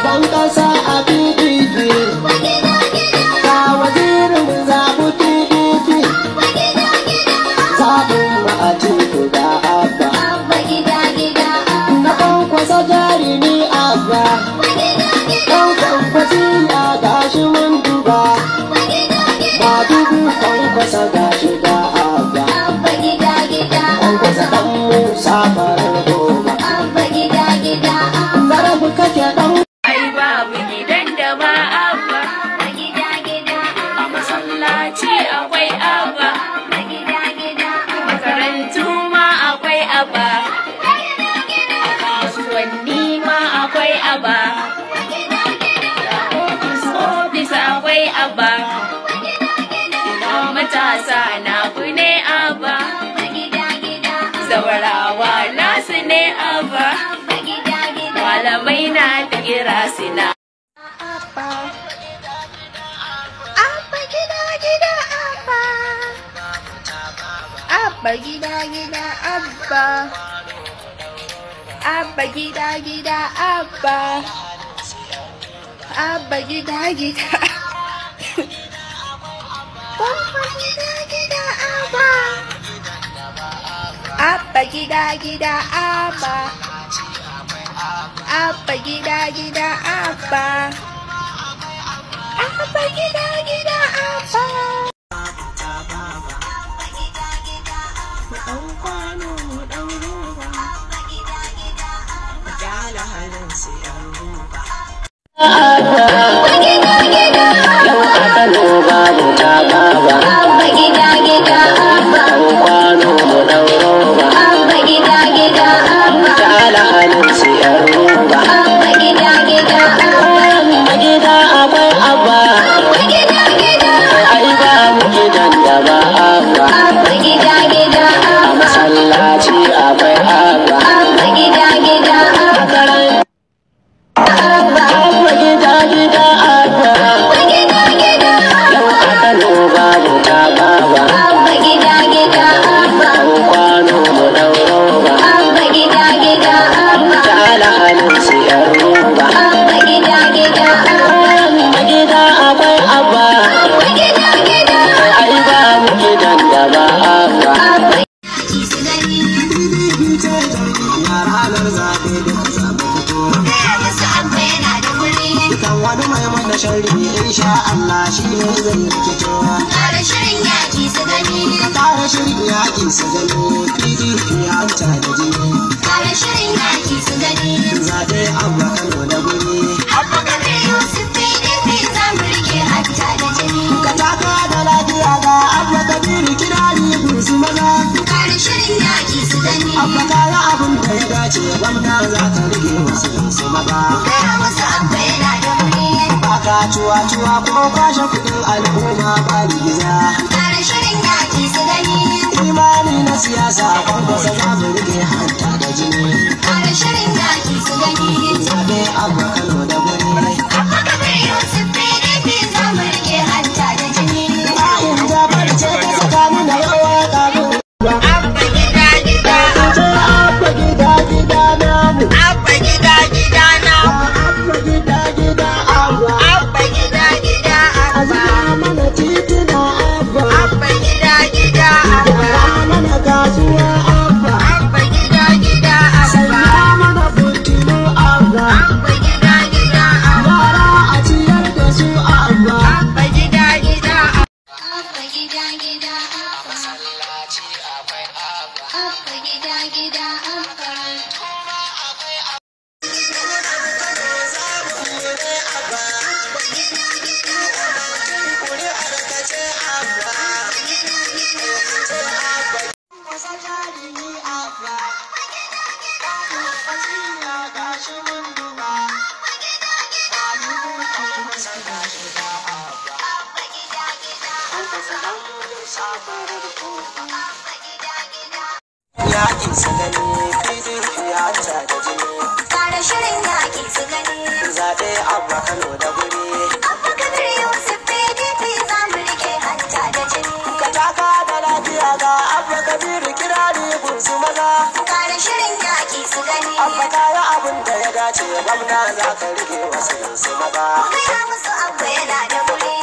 bangka saat itu akwai abba matasa na ku ne abba zawarawa nasu sina. abba abba gida gida abba, Abba gida gida abba Abba gida gida abba Abba gida gida gida gida abba abba gida gida abba abba gida ba za ta rage wasu yansu ba ba. Kaya wasu abba yana da kuɗi. Baka cuwa-cuwa kuma kwashe kuɗin al'umma ba rigiza. Kare shirin yaƙi su gani. Imani na siyasa kwankwasa za mu rage hanta da jini. Kare shirin yaƙi su gani. Zaɓe abba Kano da gani. Abba Kabir Yusuf. Ya isa gani PDP ya ta da jini. shirin ya gani. Zaɓe abba Kano da Abba hanta da jini. Ka taka da lafiya ga abba Kabir kirari maza. shirin ya gani. Abba da ya dace gwamna za ka rike wasu gunsu maza. Mu gaya musu abba yana da wuri.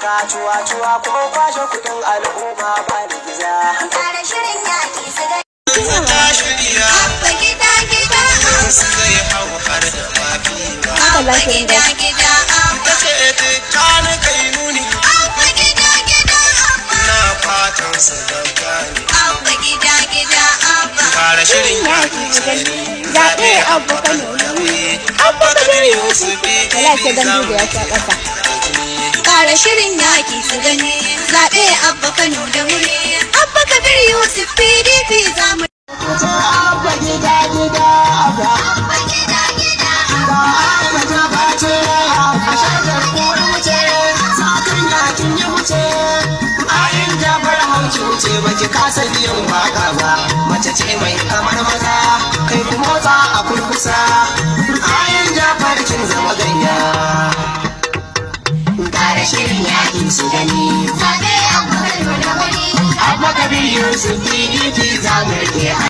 haka cuwa-cuwa kuma kwashe kudin al'umma ba da shirin su ga. ta Abba gida gida. hau har da mafi ba. Abba gida gida. Ita ce eh, na kai nuni. Abba gida gida. Na su da Abba gida gida. Abba. shirin yaki su abba Abba kara shirin yaƙi su gani zaɓe abba kano da wuri abba kabir yusuf pdp za mu abba gida gida abba gida waka ba mace mai kamar maza kai kuma a kurkusa da shirin yakin su gani zabe a gurin wani wuri abubakar yusuf pdp za mu rike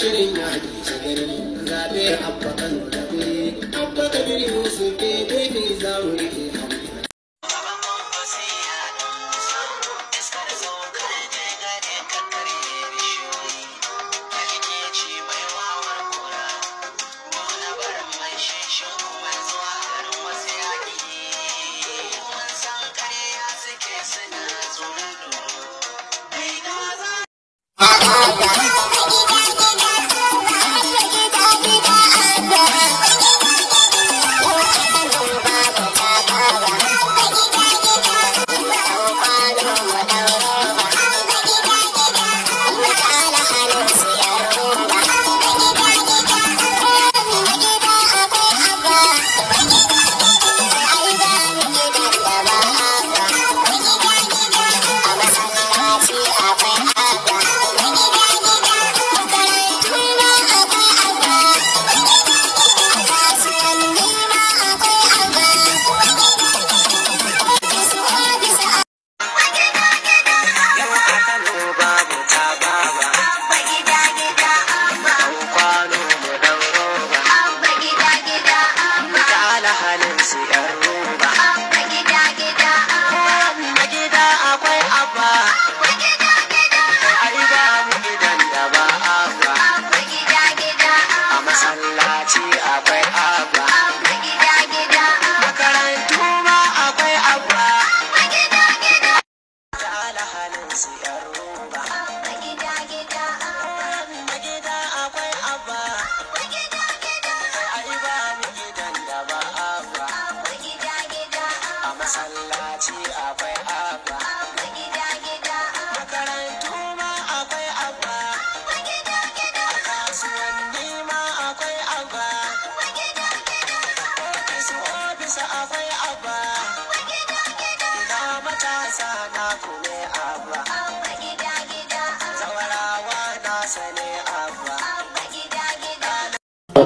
shirin ya haɗe shagari zaɓe abba kan zaɓe abba kabiru su ke gefe zaure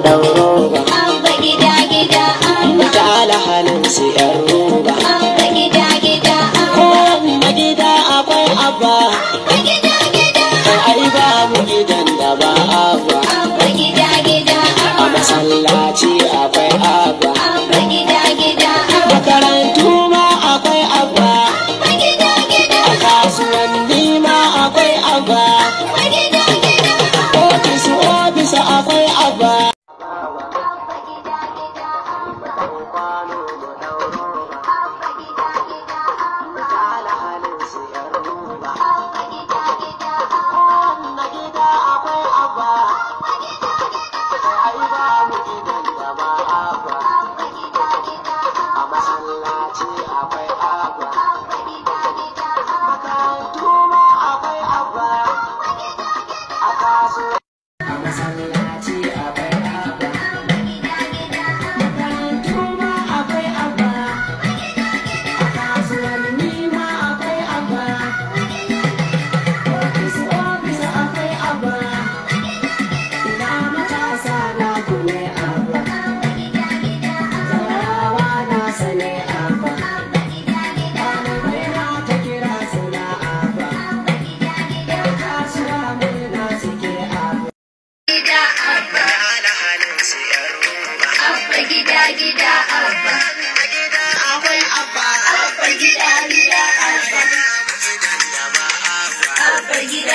tão longa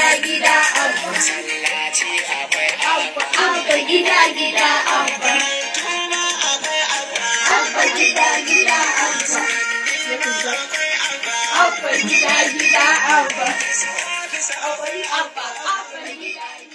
gida gida abba abba abba gida gida abba abba gida gida abba abba gida gida abba abba abba abba gida